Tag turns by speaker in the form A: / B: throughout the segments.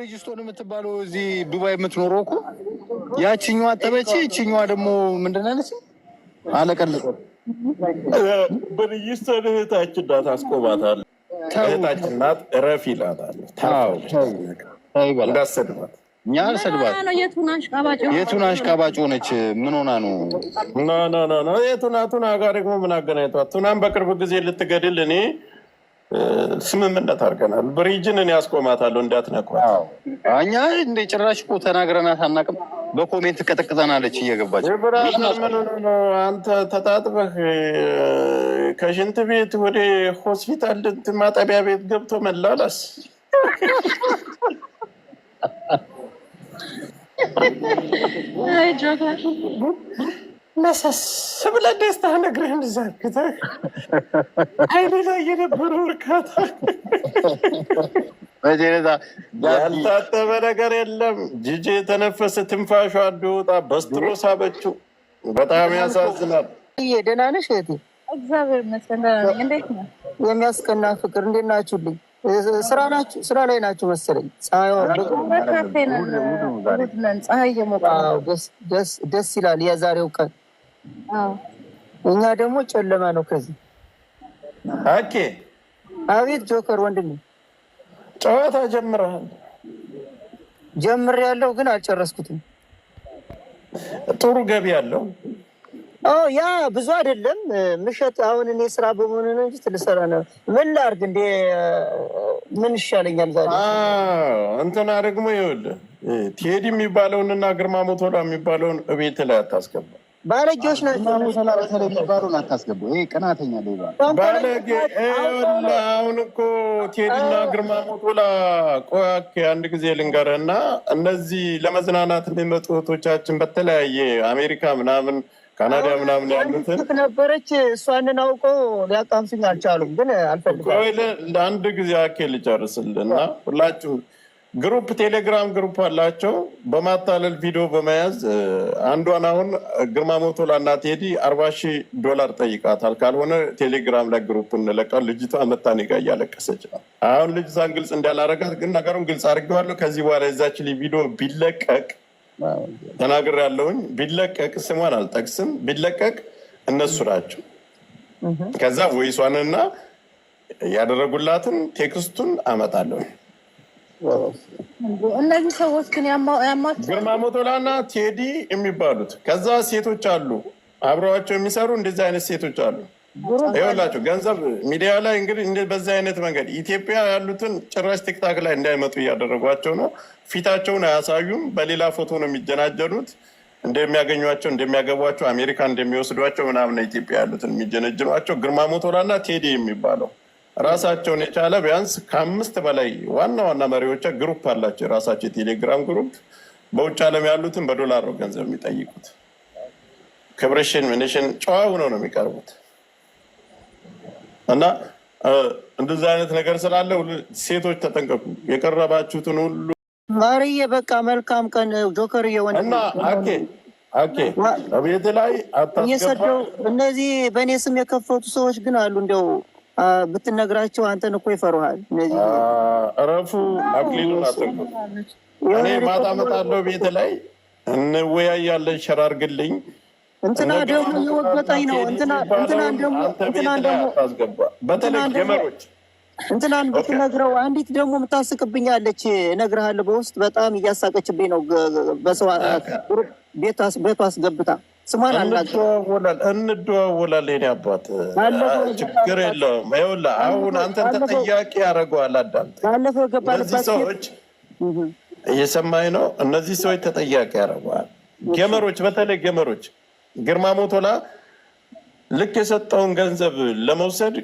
A: ብሪጅስቶን የምትባለው እዚህ ዱባይ የምትኖረው እኮ ያችኛዋ አጠበች፣ ይችኛዋ ደግሞ ምንድን ነው ያለች ብሪጅስቶን እህታችን ናት። አስቆማታል። እህታችን ናት። እረፍ ይላታል። እንዳሰድባት እኛ አልሰድባት። የቱን አሽቃባጭ ሆነች? ምን ሆና ነው? ና የቱና ቱና ጋር ደግሞ ምን አገናኝቷት? ቱናን በቅርብ ጊዜ ልትገድል እኔ ስምምነት አድርገናል። ብሪጅንን ያስቆማታለሁ እንዳትነኳት። እኛ እንደ ጭራሽ እኮ ተናግረናት አናውቅም። በኮሜንት ቀጠቅጠናለች እየገባች አንተ ተጣጥበህ ከሽንት ቤት ወደ ሆስፒታል ማጠቢያ ቤት ገብቶ መላላስ
B: መሰስ ደስታ ነግረህን ዛግተህ አይኔ ላይ የነበረው እርካታ
A: ያልታጠበ ነገር የለም። ጅጅ የተነፈሰ ትንፋሹ አድወጣ በስትሮ ሳበችው። በጣም
B: ያሳዝናል። ደህና ነሽ እህቴ? እግዚአብሔር ይመስገን ደህና ነኝ። እንዴት ነው? የሚያስቀና ፍቅር እንዴት ናችሁልኝ? ስራ ላይ ናችሁ መሰለኝ። ደስ ይላል የዛሬው ቀን እኛ ደግሞ ጨለማ ነው። ከዚህ
A: ኦኬ። አቤት ጆከር ወንድም ጨዋታ ጀምረሃል።
B: ጀምር ያለው ግን አልጨረስኩትም።
A: ጥሩ ገቢ ያለው
B: ያ ብዙ አይደለም። ምሸት አሁን እኔ ስራ በመሆን ነው እንጂ ትልሰራ ነው። ምን ላርግ እንዴ? ምን ይሻለኛል? ዛሬ
A: እንትና ደግሞ ይኸውልህ ቴዲ የሚባለውንና ግርማ ሞቶላ የሚባለውን እቤት ላይ
B: አታስገባ ባለጌዎች ናቸው። የሚባሉን አታስገቡ። ይሄ
A: ቅናተኛ ባለጌ። አሁን እኮ ቴዲና ግርማ ሞቶላ ቆያክ አንድ ጊዜ ልንገርህ እና እነዚህ ለመዝናናት የሚመጡ እህቶቻችን በተለያየ አሜሪካ ምናምን ካናዳ ምናምን
B: ያሉትን ነበረች። እሷንን አውቆ ሊያቃምሱኝ
A: አልቻሉም፣ ግን አልፈልግም። አንድ ጊዜ አኬ ልጨርስልና ሁላችሁ ግሩፕ ቴሌግራም ግሩፕ አላቸው። በማታለል ቪዲዮ በመያዝ አንዷን አሁን ግርማ ሞቶ እና ቴዲ አርባ ሺህ ዶላር ጠይቃታል። ካልሆነ ቴሌግራም ላይ ግሩፕ እንለቃል። ልጅቷ መታ ጋ እያለቀሰች ነው። አሁን ልጅቷን ግልጽ እንዳላረጋት ግን ነገሩን ግልጽ አርገዋለሁ ከዚህ በኋላ የዛች ቪዲዮ ቢለቀቅ ተናግር ያለውኝ ቢለቀቅ ስሟን አልጠቅስም። ቢለቀቅ እነሱ ናቸው ከዛ ወይሷንና ያደረጉላትን ቴክስቱን አመጣለሁ።
B: እነዚህ ሰዎች ግን ያማቸው
A: ግርማ ሞቶላና ቴዲ የሚባሉት ከዛ ሴቶች አሉ አብረዋቸው የሚሰሩ እንደዚህ አይነት ሴቶች አሉ። ይኸውላቸው ገንዘብ ሚዲያ ላይ እንግዲህ በዚህ አይነት መንገድ ኢትዮጵያ ያሉትን ጭራሽ ቲክታክ ላይ እንዳይመጡ እያደረጓቸው ነው። ፊታቸውን አያሳዩም። በሌላ ፎቶ ነው የሚጀናጀኑት። እንደሚያገኟቸው እንደሚያገቧቸው፣ አሜሪካ እንደሚወስዷቸው ምናምን ኢትዮጵያ ያሉትን የሚጀነጅኗቸው ግርማ ሞቶላና ቴዲ የሚባለው ራሳቸውን የቻለ ቢያንስ ከአምስት በላይ ዋና ዋና መሪዎች ግሩፕ አላቸው። የራሳቸው የቴሌግራም ግሩፕ በውጭ ዓለም ያሉትን በዶላር ነው ገንዘብ የሚጠይቁት። ክብርሽን ምንሽን ጨዋ ሆነው ነው የሚቀርቡት እና እንደዚህ አይነት ነገር ስላለ ሴቶች ተጠንቀቁ። የቀረባችሁትን
B: ሁሉ ማርዬ፣ በቃ መልካም ቀን ጆከር
A: እና ቤት ላይ አታስገባ።
B: እነዚህ በእኔ ስም የከፈቱ ሰዎች ግን አሉ እንደው ብትነግራቸው አንተን እኮ ይፈሩሃል።
A: እረፉ አክሊሉ አትንኩ። እኔ ማታ እመጣለሁ ቤት ላይ እንወያያለን። ሸራርግልኝ
B: እንትና ደግሞ የወገጠኝ ነው።
A: በተለይ ጀመሮች እንትናን
B: ብትነግረው አንዲት ደግሞ የምታስቅብኛለች፣ እነግርሃለሁ። በውስጥ በጣም እያሳቀችብኝ ነው። በሰው ቤቷ አስገብታ ጽፏል
A: አላቸው። እንደዋወላለን አባት ችግር የለውም። ይኸውልህ አሁን አንተን ተጠያቂ ያደርገዋል። አዳምጠኝ። ባለፈው እነዚህ ሰዎች እየሰማኝ ነው። እነዚህ ሰዎች ተጠያቂ ያደርገዋል። ገመሮች፣ በተለይ ገመሮች፣ ግርማ ሞቶላ ልክ የሰጠውን ገንዘብ ለመውሰድ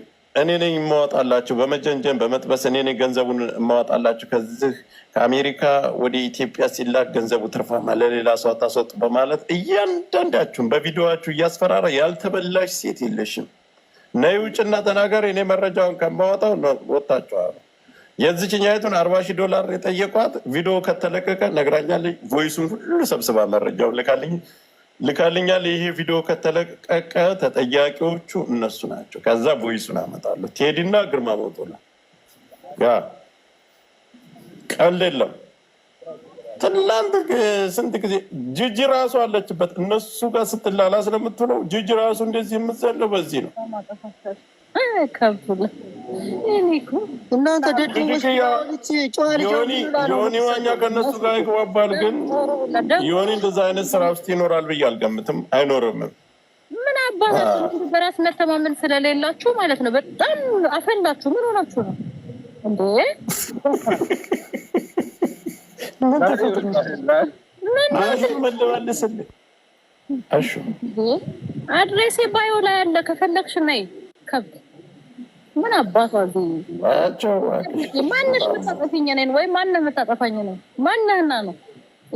A: እኔ ነኝ የማወጣላችሁ በመጀንጀን በመጥበስ እኔ ነኝ ገንዘቡን የማወጣላችሁ። ከዚህ ከአሜሪካ ወደ ኢትዮጵያ ሲላክ ገንዘቡ ትርፋማ ለሌላ ሰው አታስወጡ በማለት እያንዳንዳችሁም በቪዲዮችሁ እያስፈራራ ያልተበላሽ ሴት የለሽም። ነይ ውጭና ተናገር፣ እኔ መረጃውን ከማወጣው ወጥታችኋል። የዚችኛይቱን አርባ ሺህ ዶላር የጠየቋት ቪዲዮ ከተለቀቀ ነግራኛለች። ቮይሱን ሁሉ ሰብስባ መረጃውን ልካልኝ ልካልኛል። ይሄ ቪዲዮ ከተለቀቀ ተጠያቂዎቹ እነሱ ናቸው። ከዛ ቮይሱን አመጣለሁ። ቴዲና ግርማ ያ ቀልድ የለም። ትላንት ስንት ጊዜ ጅጅ ራሱ አለችበት። እነሱ ጋር ስትላላ ስለምትለው ጅጅ ራሱ እንደዚህ የምትዘለው በዚህ ነው። እናንተ ከነሱ ጋር ይግባባል፣ ግን ዮኒ እንደዛ አይነት ስራ ውስጥ ይኖራል ብዬ አልገምትም። አይኖርምም።
B: ምን አባታችሁ በራስ መተማመን ስለሌላችሁ ማለት ነው። በጣም አፈላችሁ። ምን ሆናችሁ ነው እንዴ? አድሬሴ ባዮ ላይ ያለ ከፈለግሽ ነይ ከብድ ምን አባቷ ማንሽ መታጠፊኝ ነን ወይ ማነህ መታጠፋኝ ነን ማነህና ነው?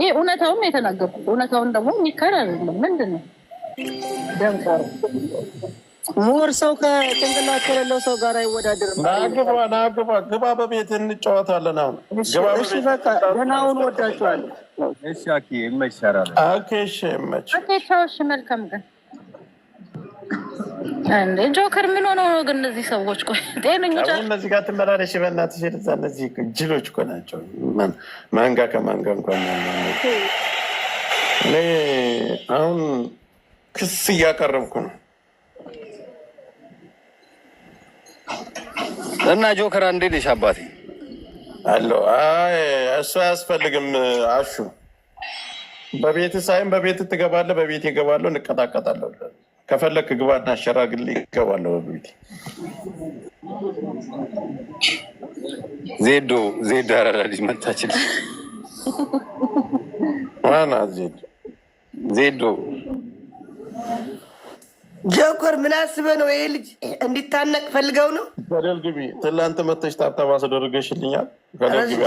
B: ይህ እውነታውም የተናገርኩት እውነታውን ደግሞ የሚካድ አይደለም። ምንድን ነው ደምቀሩ ምሁር ሰው ከጭንቅላት ከሌለው ሰው
A: ጋር አይወዳደርም። ናግባ ናግባ ግባ፣ በቤት እንጫወታለን። አሁን
B: ገናውን ወዳቸዋል። ይመች ይመች። መልካም ቀን ጆከር ምን ሆነው ነው ግን እነዚህ ሰዎች? ቆይ ጤነኞች እነዚህ ጋር ትመላለሽ።
A: በእናትሽ እዛ እነዚህ ጅሎች እኮ ናቸው። ማንጋ ከማንጋ እንኳን እኔ አሁን ክስ እያቀረብኩ ነው። እና ጆከር አንዴ ልሽ አባቴ አለው። አይ እሱ አያስፈልግም። አሹ በቤት ሳይም በቤት ትገባለህ፣ በቤት ይገባለሁ፣ እንቀጣቀጣለሁ ከፈለክ ግባ እናሸራግል ይገባለሁ። በቤት ዜዶ ዜዶ አራዳ መታችል ዋና ዜዶ ዜዶ
B: ጆከር ምን አስበህ ነው? ይሄ ልጅ እንዲታነቅ ፈልገው ነው። ገደል ግቢ
A: ትላንት መተሽ ታብታባ ስደርገሽልኛል። ገደል ግቢ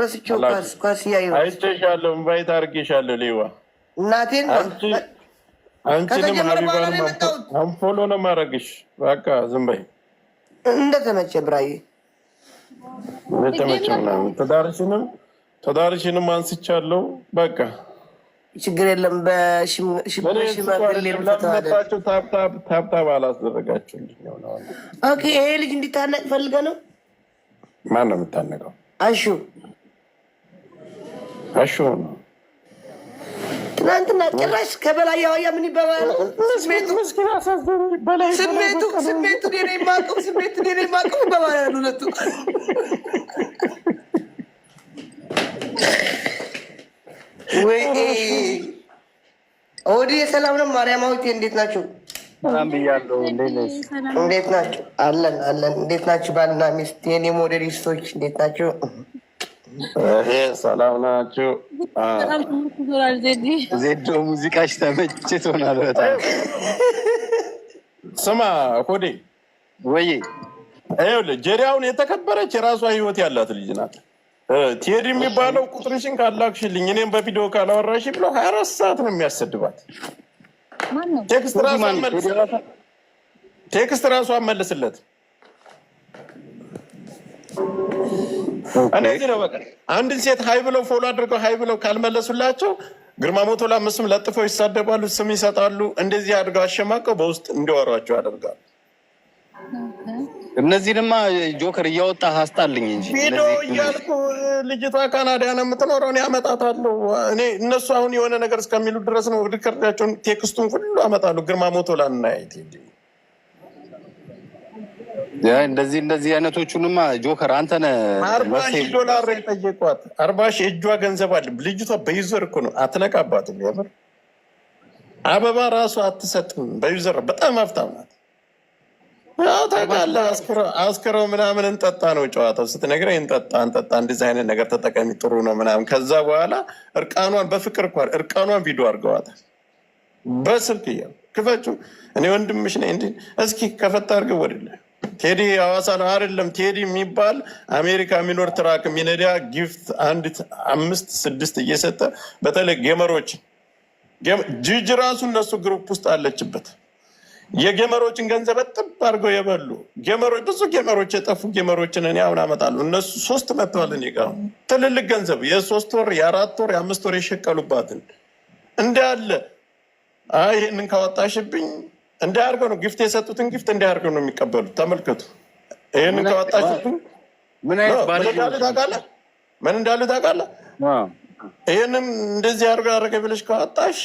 A: ረስቼው ኳስ ኳስ እያየሁ አይቼሻለሁ። ኢንቫይት አድርጌሻለሁ። ሌዋ እናቴን አንቺንም ሀቢባን አንፎሎ ነው ማረግሽ። በቃ ዝም በይ።
B: እንደተመቸ ብራዬ
A: እንደተመቸ ምናምን ትዳርሽንም ትዳርሽንም አንስቻለሁ። በቃ ችግር የለም። በሽማግሌታቸው ታብታብ
B: ኦኬ። ይሄ ልጅ እንዲታነቅ ፈልገ ነው።
A: ማን ነው የምታነቀው? አሹ አሹ ነው
B: ትናንትና ጭራሽ ከበላይ ያዋያ ምን ይባባል? ስሜቱ ስሜቱ ስሜቱ እኔ ስሜቱ እኔ ነኝ ይባባላል። ሁለቱ። ወይ ኦዲ ሰላም ነው። ማርያም አዊት እንዴት ናቸው? እንዴት ናቸው? አለን አለን። እንዴት ናቸው? ባልና ሚስት የኔ ሞዴሊስቶች እንዴት ናቸው?
A: ይሄ ሰላም ናችሁ? ዜዶ ሙዚቃሽ ተመችቶናል በጣም። ስማ ሆዴ ወይ ይኸውልህ፣ ጀሪያውን የተከበረች የራሷ ህይወት ያላት ልጅ ናት። ቴዲ የሚባለው ቁጥርሽን ካላክሽልኝ እኔም በቪዲዮ ካላወራሽ ብሎ ሀያ አራት ሰዓት ነው የሚያሰድባት። ቴክስት ራሷ መልስለት እነዚህ ነው። በቃ አንድን ሴት ሀይ ብለው ፎሎ አድርገው ሀይ ብለው ካልመለሱላቸው ግርማ ሞቶ ላ ምስም ለጥፈው ይሳደባሉ፣ ስም ይሰጣሉ። እንደዚህ አድርገው አሸማቀው በውስጥ እንዲወሯቸው ያደርጋሉ። እነዚህ ድማ ጆከር እያወጣ አስጣልኝ እንጂ ቪዲዮ እያልኩ ልጅቷ ካናዳ ነው የምትኖረው፣ እኔ አመጣታለሁ። እኔ እነሱ አሁን የሆነ ነገር እስከሚሉ ድረስ ነው ሪከርዳቸውን ቴክስቱን ሁሉ አመጣሉ። ግርማ ሞቶላን እናያይት እንደዚህ እንደዚህ አይነቶቹንማ ጆከር አንተ ነህ። አርባ ሺህ ዶላር የጠየቋት አርባ ሺህ እጇ ገንዘብ አለ ልጅቷ። በዩዘር እኮ ነው አትነቃባትም። የምር አበባ ራሱ አትሰጥም በዩዘር በጣም ሀብታም ናት። ታውቃለህ አስክረው ምናምን እንጠጣ ነው ጨዋታው። ስትነግረኝ እንጠጣ እንጠጣ እንደዚህ አይነት ነገር ተጠቀሚ ጥሩ ነው ምናምን። ከዛ በኋላ እርቃኗን በፍቅር እኳ እርቃኗን ቪዲዮ አድርገዋታል በስልክ እያሉ ክፈችው እኔ ወንድምሽ ነኝ እንዲ እስኪ ከፈታ አድርገው ወደለ ቴዲ ሐዋሳን አይደለም ቴዲ የሚባል አሜሪካ የሚኖር ትራክ ሚነዳ ጊፍት አንድ አምስት ስድስት እየሰጠ በተለይ ጌመሮች ጅጅ ራሱ እነሱ ግሩፕ ውስጥ አለችበት። የጌመሮችን ገንዘብ ጥብ አድርገው የበሉ ጌመሮች ብዙ ጌመሮች የጠፉ ጌመሮችን እኔ አሁን አመጣሉ። እነሱ ሶስት መጥተዋል። እኔ ትልልቅ ገንዘብ የሶስት ወር የአራት ወር የአምስት ወር የሸቀሉባትን እንዲ እንዳለ ይህንን ካወጣሽብኝ እንዳያርገው ነው ግፍት የሰጡትን ግፍት እንዳያርገው ነው የሚቀበሉት። ተመልከቱ። ይህን ከወጣችሁ ምን እንዳሉ ታውቃለህ? ምን ይህንም እንደዚህ አድርጎ ያደረገ ብለሽ ከወጣሽ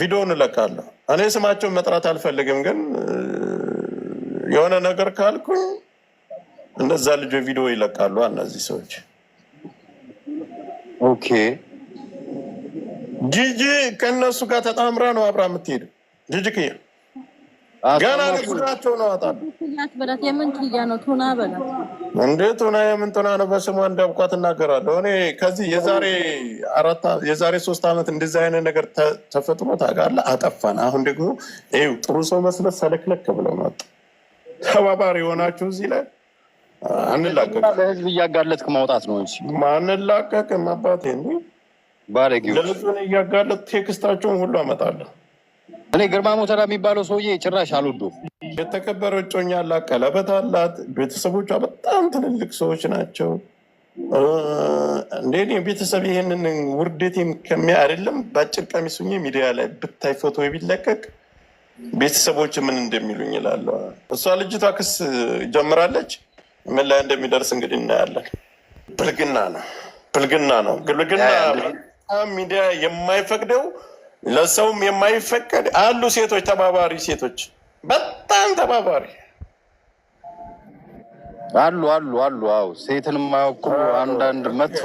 A: ቪዲዮውን እለቃለሁ። እኔ ስማቸውን መጥራት አልፈልግም፣ ግን የሆነ ነገር ካልኩኝ እነዛ ልጆ ቪዲዮ ይለቃሉ። እነዚህ ሰዎች ኦኬ። ጂጂ ከእነሱ ጋር ተጣምራ ነው አብራ የምትሄድ ጂጂ ክያ ገና ልግዛቸው ነው።
B: በላት የምን ትያ ነው? ቱና በላት
A: እንዴ! ቱና የምን ቱና ነው? በስሟ እንዳብቋ ትናገራለሁ። እኔ ከዚህ የዛሬ ሶስት ዓመት እንደዚህ አይነት ነገር ተፈጥሮ ታውቃለህ? አጠፋን። አሁን ደግሞ ይኸው ጥሩ ሰው መስለት ሰለክለክ ብለው መጡ። ተባባሪ የሆናችሁ እዚህ ላይ አንላቀቅ፣ ለህዝብ እያጋለጥክ ማውጣት ነው እንጂ አንላቀቅም። አባቴ ለህዝብን እያጋለጥ ቴክስታቸውን ሁሉ አመጣለሁ። እኔ ግርማ ሞተራ የሚባለው ሰውዬ ጭራሽ አልወደውም። የተከበረ እጮኛ አላት፣ ቀለበት አላት። ቤተሰቦቿ በጣም ትልልቅ ሰዎች ናቸው። እንዴ ቤተሰብ ይህንን ውርደት ከሚ አይደለም። በአጭር ቀሚስ ሚዲያ ላይ ብታይ ፎቶ ቢለቀቅ ቤተሰቦች ምን እንደሚሉኝ ይላለ እሷ ልጅቷ ክስ ጀምራለች። ምን ላይ እንደሚደርስ እንግዲህ እናያለን። ብልግና ነው፣ ብልግና ነው፣ ብልግና ሚዲያ የማይፈቅደው ለሰውም የማይፈቀድ አሉ ሴቶች፣ ተባባሪ ሴቶች፣ በጣም ተባባሪ አሉ አሉ አሉ። አዎ ሴትን የማያውቁ አንዳንድ መጥፎ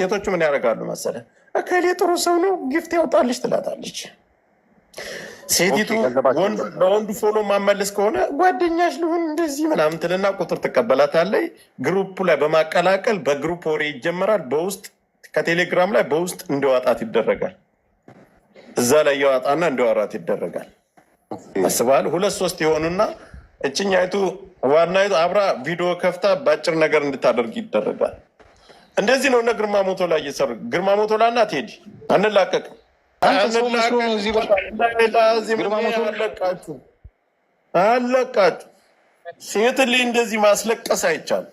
A: ሴቶቹ ምን ያደርጋሉ መሰለ፣ እከሌ ጥሩ ሰው ነው ጊፍት ያውጣልሽ ትላታለች ሴቲቱ። ለወንዱ ፎሎ ማመልስ ከሆነ ጓደኛሽ ልሁን እንደዚህ ምናምን ትልና ቁጥር ትቀበላታለች። ግሩፕ ላይ በማቀላቀል በግሩፕ ወሬ ይጀመራል። በውስጥ ከቴሌግራም ላይ በውስጥ እንዲዋጣት ይደረጋል። እዛ ላይ የዋጣና እንደ አራት ይደረጋል። አስበሃል? ሁለት ሶስት የሆኑና እችኛይቱ ዋናይቱ አብራ ቪዲዮ ከፍታ በአጭር ነገር እንድታደርግ ይደረጋል። እንደዚህ ነው እነ ግርማ ሞቶ ላይ እየሰሩ ግርማ ሞቶላ እና ቴዲ አንላቀቅ አለቃችሁ ሴት ልጅ እንደዚህ ማስለቀስ አይቻልም።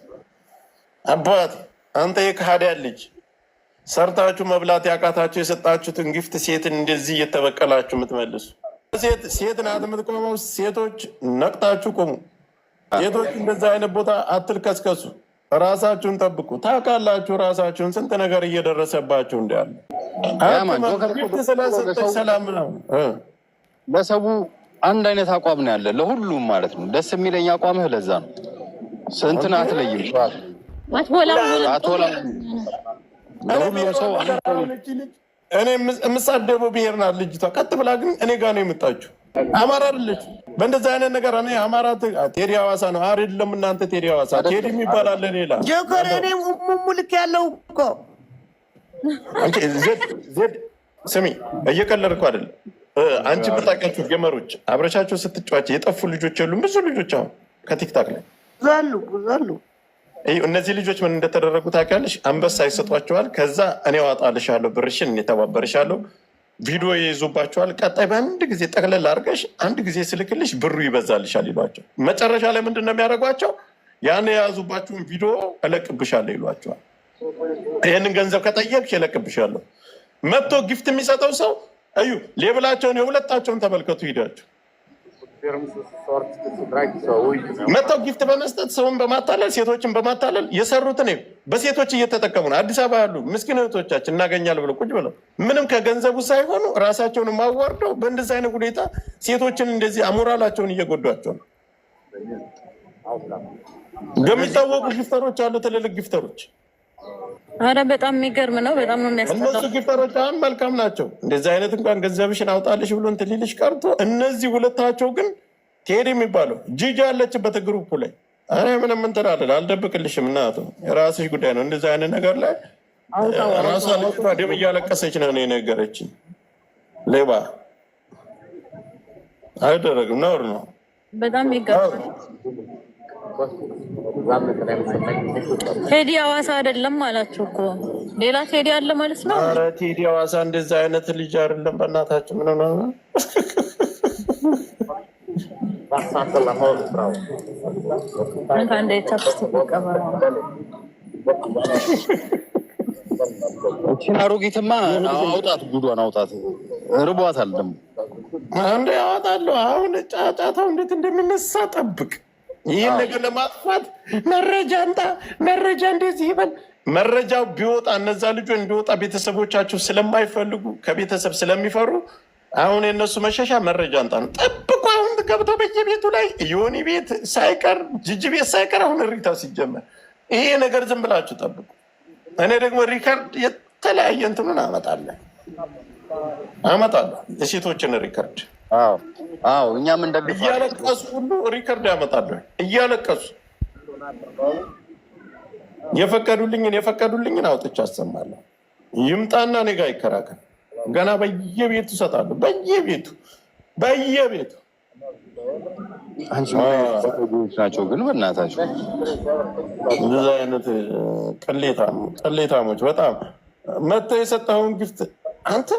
A: አባት አንተ የካሃዲያ ልጅ ሰርታችሁ መብላት ያቃታችሁ የሰጣችሁትን ግፍት ሴትን እንደዚህ እየተበቀላችሁ የምትመልሱ ሴት ናት የምትቆመው። ሴቶች ነቅታችሁ ቁሙ። ሴቶች እንደዚህ አይነት ቦታ አትልከስከሱ። ራሳችሁን ጠብቁ። ታውቃላችሁ ራሳችሁን ስንት ነገር እየደረሰባችሁ እንዳለ ስለሰጠች ሰላም ነው። ለሰው አንድ አይነት አቋም ነው ያለ ለሁሉም ማለት ነው። ደስ የሚለኝ አቋምህ ለዛ ነው። ስንትን አትለይም እኔ የምሳደበው ብሔር ናት ልጅቷ። ቀጥ ብላ ግን እኔ ጋ ነው የምጣችው። አማራ አይደለች። በእንደዚህ አይነት ነገር እኔ አማራ ቴዲ ሐዋሳ ነው አይደለም። እናንተ ቴዲ ሐዋሳ ቴዲ የሚባል አለ ሌላ ጆከር።
B: እኔ ሙሙ ልክ ያለው እኮ
A: ስሚ፣ እየቀለድኩ አይደለም። አንቺ የምታውቂያቸው ገመሮች አብረሻቸው ስትጫዋች የጠፉ ልጆች የሉም? ብዙ ልጆች አሁን ከቲክታክ ላይ ብዙ አሉ፣ ብዙ አሉ። እነዚህ ልጆች ምን እንደተደረጉ ታውቂያለሽ? አንበሳ ይሰጧቸዋል። ከዛ እኔ አዋጣልሻለሁ ብርሽን፣ እኔ ተባበርሻለሁ። ቪዲዮ ይይዙባቸዋል። ቀጣይ በአንድ ጊዜ ጠቅለል አድርገሽ አንድ ጊዜ ስልክልሽ ብሩ ይበዛልሻል ይሏቸው። መጨረሻ ላይ ምንድን ነው የሚያደርጓቸው? ያን የያዙባችሁን ቪዲዮ እለቅብሻለሁ ይሏቸዋል። ይህንን ገንዘብ ከጠየቅሽ እለቅብሻለሁ። መጥቶ ጊፍት የሚሰጠው ሰው እዩ። ሌብላቸውን የሁለታቸውን ተመልከቱ ሂዳቸው መጥተው ጊፍት በመስጠት ሰውን በማታለል ሴቶችን በማታለል የሰሩትን በሴቶች እየተጠቀሙ ነው። አዲስ አበባ ያሉ ምስኪን እህቶቻችን እናገኛል ብለው ቁጭ ብለው ምንም ከገንዘቡ ሳይሆኑ ራሳቸውን ማዋርደው በእንደዚህ አይነት ሁኔታ ሴቶችን እንደዚህ አሞራላቸውን እየጎዷቸው ነው። የሚታወቁ ጊፍተሮች አሉ፣ ትልልቅ ጊፍተሮች
B: አረ በጣም የሚገርም ነው። በጣም ነው የሚያስጠላው።
A: እነሱ ጊፈሮች አሁን መልካም ናቸው። እንደዚህ አይነት እንኳን ገንዘብሽን አውጣልሽ ብሎ እንትን ሊልሽ ቀርቶ እነዚህ ሁለታቸው ግን ቴዲ የሚባለው ጂጂ ያለችበት ግሩፕ ላይ አረ ምንም እንትን አለ አልደብቅልሽም። እናቱ የራስሽ ጉዳይ ነው። እንደዚህ አይነት ነገር ላይ ራሷ ደም እያለቀሰች ነው የነገረችኝ። ሌባ አይደረግም፣ ነውር ነው። በጣም ይገርማል።
B: ቴዲ አዋሳ አይደለም አላችሁ እኮ ሌላ ቴዲ አለ ማለት ነው። ኧረ ቴዲ
A: አዋሳ እንደዚህ አይነት ልጅ አይደለም። በእናታችሁ ምን ነው እቺን አሮጊትማ አውጣት፣ ጉዷን አውጣት። ርቧታል ደግሞ እንደ አወጣለሁ። አሁን ጫጫታው እንዴት እንደሚነሳ ጠብቅ ይህን ነገር ለማጥፋት መረጃ እንጣ፣ መረጃ እንደዚህ ይበል። መረጃው ቢወጣ እነዛ ልጆች እንዲወጣ ቤተሰቦቻቸው ስለማይፈልጉ ከቤተሰብ ስለሚፈሩ አሁን የእነሱ መሸሻ መረጃ እንጣ ነው። ጠብቁ። አሁን ገብተው በየቤቱ ላይ ዮኒ ቤት ሳይቀር ጅጅ ቤት ሳይቀር አሁን እሪታ ሲጀመር ይሄ ነገር ዝም ብላችሁ ጠብቁ። እኔ ደግሞ ሪከርድ የተለያየ እንትኑን አመጣለን። አመጣለሁ የሴቶችን ሪከርድ አዎ፣ እኛም እንደ እያለቀሱ ሁሉ ሪከርድ ያመጣለሁ። እያለቀሱ የፈቀዱልኝን የፈቀዱልኝን አውጥቼ አሰማለሁ። ይምጣና እኔ ጋ ይከራከር። ገና በየቤቱ እሰጣለሁ። በየቤቱ በየቤቱ ናቸው ግን በእናታቸው እንደዚ አይነት ቅሌታሞች በጣም መጥተህ የሰጠኸውን ግፍት አንተ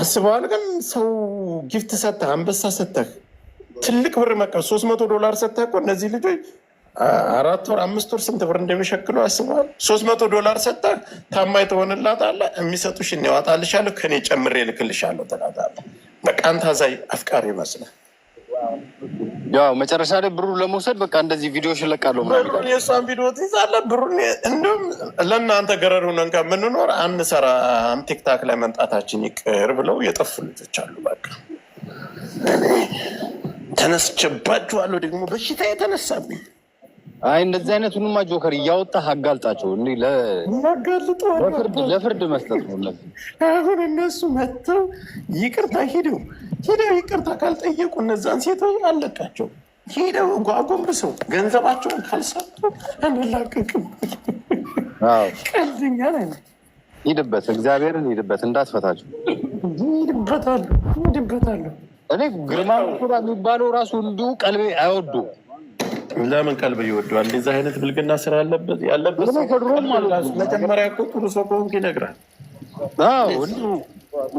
A: አስበዋል። ግን ሰው ጊፍት ሰጠህ፣ አንበሳ ሰጠህ፣ ትልቅ ብር መቀብ ሶስት መቶ ዶላር ሰጠህ እኮ እነዚህ ልጆች አራት ወር አምስት ወር ስንት ብር እንደሚሸክሉ አስበዋል። ሶስት መቶ ዶላር ሰጠህ፣ ታማኝ ትሆንላታለህ፣ የሚሰጡሽን ያወጣልሻለሁ፣ ከኔ ጨምሬ እልክልሻለሁ ትላታለህ። በቃ አንተ አዛኝ አፍቃሪ ይመስላል። ያው መጨረሻ ላይ ብሩን ለመውሰድ በቃ እንደዚህ ቪዲዮ ሽለቃለሁ ብሩን የእሷን ቪዲዮ ትይዛለህ። ብሩን እንዲሁም ለእናንተ ገረድ ሆነን ከምንኖር አንሰራም። ቲክታክ ላይ መምጣታችን ይቅር ብለው የጠፉ ልጆች አሉ። በቃ ተነስቼባችኋለሁ። ደግሞ በሽታ የተነሳብኝ አይ እንደዚህ አይነቱንማ ጆከር እያወጣህ አጋልጣቸው እ ለፍርድ መስጠት ነው። አሁን እነሱ መጥተው ይቅርታ ሄደው ሄደው ይቅርታ ካልጠየቁ እነዛን ሴቶች አለቃቸው ሄደው እንኳ አጎንብሰው ገንዘባቸውን ካልሰጡ አንላቀቅም። ቀልድኛ ነ ሂድበት፣ እግዚአብሔርን ሂድበት፣ እንዳትፈታቸው። ሂድበታሉ፣ ሂድበታሉ። እኔ ግርማ የሚባለው ራሱ እንዲሁ ቀልቤ አይወዱ ለምን ቀልብ ይወደዋል? እንደዚህ አይነት ብልግና ስራ ያለበት ያለበት መጀመሪያ እኮ ጥሩ ሰው ከሆንክ ይነግራል።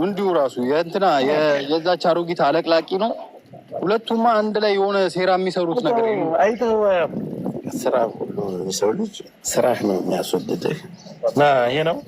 A: እንዲሁ ራሱ የእንትና የዛች አሮጊት አለቅላቂ ነው። ሁለቱማ አንድ ላይ የሆነ ሴራ የሚሰሩት ነገር ስራ ሁሉ የሰው ልጅ ስራህ ነው የሚያስወድድህ። ይሄ ነው